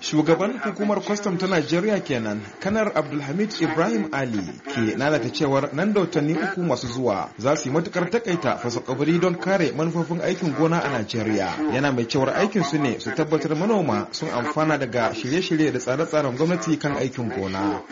Shugaban hukumar kwastam ta Najeriya kenan, Kanar Abdulhamid Ibrahim Ali ke lalata cewar nan da watanni uku masu zuwa za su yi matukar takaita fasakabari don kare manufofin aikin gona a Najeriya. Yana mai cewar aikin su ne su tabbatar manoma sun amfana daga shirye-shirye da tsare-tsaren gwamnati kan aikin gona.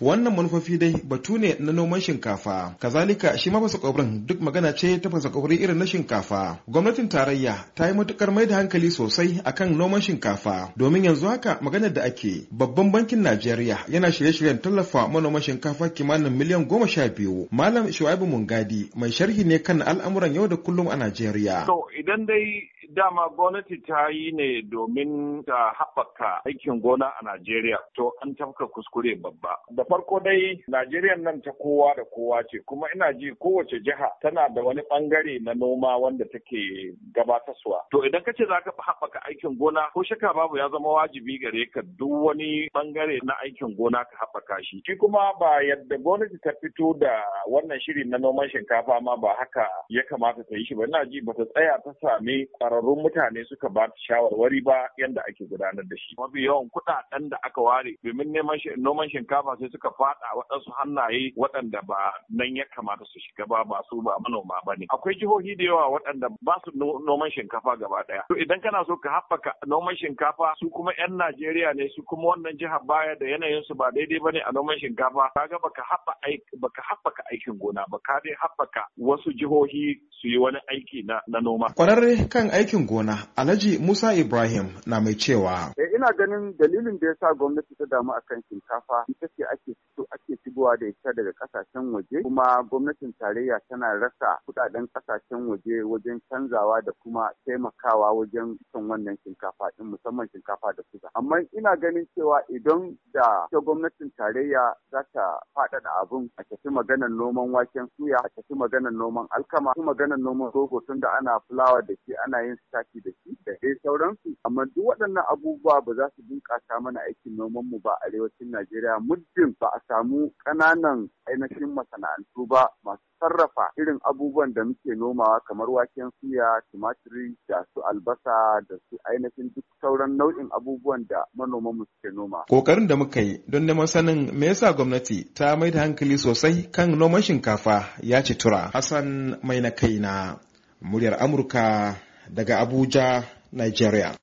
Wannan manufofi dai batu ne na noman shinkafa. Kazalika shi ma fasakwabarin duk magana ce ta fasakabari irin na shinkafa. Gwamnatin tarayya ta yi matukar mai da hankali sosai a kan noman shinkafa domin yanzu haka maganar da ake babban bankin Najeriya yana shirye-shiryen tallafa manoman shinkafa kimanin miliyan goma sha biyu. Malam Shu'aibu Mungadi mai sharhi ne kan al'amuran yau da kullum a Najeriya. To idan dai dama gwamnati ta yi ne domin ta haɓaka aikin gona a Najeriya to an tafka kuskure babba. Da farko dai Najeriya nan ta kowa da kowa ce kuma ina ji kowace jiha tana da wani bangare na noma kuma wanda take gabatarwa. To idan ka ce za ka haɓaka aikin gona ko shaka babu ya zama wajibi gare ka duk wani bangare na aikin gona ka haɓaka shi. Shi kuma ba yadda gwamnati ta fito da wannan shiri na noman shinkafa ma ba haka ya kamata ta yi shi ba. Ina ji ba ta tsaya ta sami ƙwararrun mutane suka ba ta shawarwari ba yadda ake gudanar da shi. Mafi yawan kuɗaɗen da aka ware domin neman noman shinkafa sai suka faɗa waɗansu hannaye waɗanda ba nan ya kamata su shiga ba ba su ba manoma ba ne. Akwai jihohi da yawa yawa waɗanda ba su noman shinkafa gaba ɗaya. To idan kana so ka haɓaka noman shinkafa su kuma 'yan Najeriya ne su kuma wannan jihar baya da yanayinsu ba daidai ba ne a noman shinkafa kaga baka haɓaka aikin gona ba ka dai haɓaka wasu jihohi su yi wani aiki na noma. Kwararre kan aikin gona Alhaji Musa Ibrahim na mai cewa. Eh, ina ganin dalilin da ya sa gwamnati ta damu akan shinkafa ita ce ake fito ake shigowa da ita daga kasashen waje kuma gwamnatin tarayya tana rasa kudaden kasashen waje wajen canzawa da kuma taimakawa wajen son wannan shinkafa din musamman shinkafa da kusa. amma ina ganin cewa idan da ita gwamnatin tarayya za ta da abun. a tafi maganar noman waken suya a tafi maganar noman alkama a maganar noman rogo tun da ana fulawa da shi ana yin sitaki da shi da dai sauransu amma duk waɗannan abubuwa ba za su bunƙasa mana aikin noman mu ba a arewacin Najeriya muddin ba a samu ƙananan ainihin masana'antu ba masu sarrafa irin abubuwan da muke nomawa kamar waken suya, tumatiri da su albasa da su ainihin duk sauran nau'in abubuwan da manoman mu suke noma. Kokarin da muka yi don neman sanin me yasa gwamnati ta mai da hankali sosai kan noman shinkafa ya ci tura. Hassan mai na kaina muryar Amurka daga Abuja, Nigeria.